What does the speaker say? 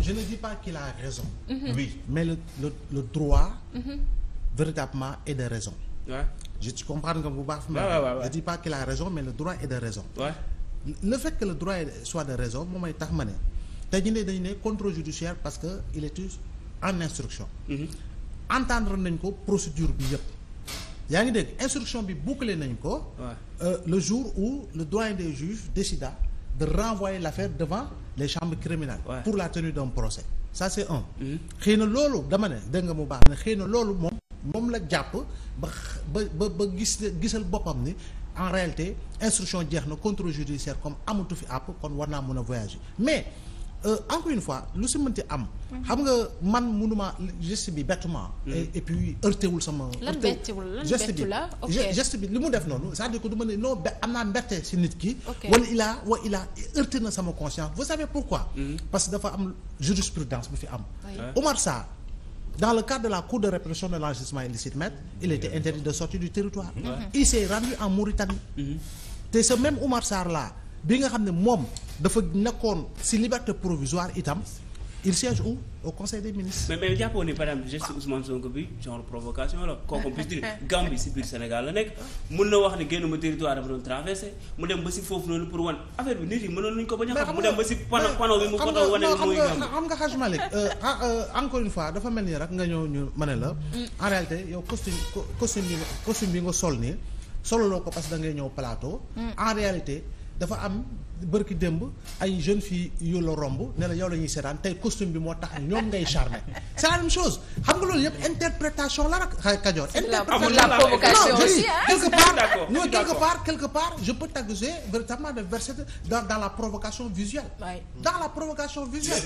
je ne dis pas qu'il a raison. Mm -hmm. mais le le le droit. Mm -hmm. véritablement est de raison. je ci comprendre nga bu baax. waaw waaw waaw je dis pas qu'il a raison mais le droit est de raison. le fait que le droit soit de raison moom mooy tax ma ne te ñu ne dañu ne contrôle judiciaire parce que il est en instruction. Mhm. entendre nañ ko procédure bi yëpp. yaa ngi dégg instruction bi boucler nañ ko. Euh, le jour où le doyen des juges décida. de renvoyer l'affaire devant les chambres criminelles ouais. pour la tenue d'un procès ça c'est un mm-hmm. xëy na loolu dama ne dégg nga mu baax ne xëy na loolu moom moom la jàpp ba ba ba gis gisal boppam ni en réalité instruction jeex na contrôle judiciaire comme amatu fi àpp kon war naa mën a voyager mais Euh, encore une fois lu si mënti am. xam nga man mënuma geste bi bettuma. Mm-hmm. et puis heurtewul sama. lan bettiwul lan bettu la geste bi bi li mu def noonu c'est-à-dire que du ma ne non be am naa mbette si nit ki. wala il a wala il a heurté na sama conscience vous savez pourquoi. Mm-hmm. parce que dafa am jurisprudence bu fi am. Omar Sarr. dans le cadre de la cour de répression de l'enrichissement illicite maître il mm-hmm. était interdit de sortir du territoire. il s'est rendu en Mauritanie. te ce même Omar Sarr là bi nga xam ne moom. dafa nekkoon si liberté provisoire itam il siège où au conseil des ministres. mais mais jàppoon ni par exemple geste ah. Ousmane Sonko bi genre provocation la kooku Gambie si biir Sénégal la nekk mun na wax ne génn ma territoire dafa doon traversé mu dem ba si foofu noonu pour wan affaire bi nit yi mënoon nañu ko bañ a xam mu dem ba si panneau xam nga Hadj Malick euh, ah, euh, encore une fois dafa mel ni rek nga ñëw ñu ma la en réalité yow costume costume bi costume bi nga sol nii solaloo ko parce que ngay ñëw plateau mm. dafa am bërki démb ay jeune fii yu la romb ne la yow la ñuy seetaan tey costume bi moo tax ñoom ngay charmer c'est la chose xam nga loolu yëpp interprétation la rek Kajoor interprétation la provocation aussi quelque part non quelque part quelque part je peux t'accuser véritablement de verser dans dans la provocation visuelle dans la provocation visuelle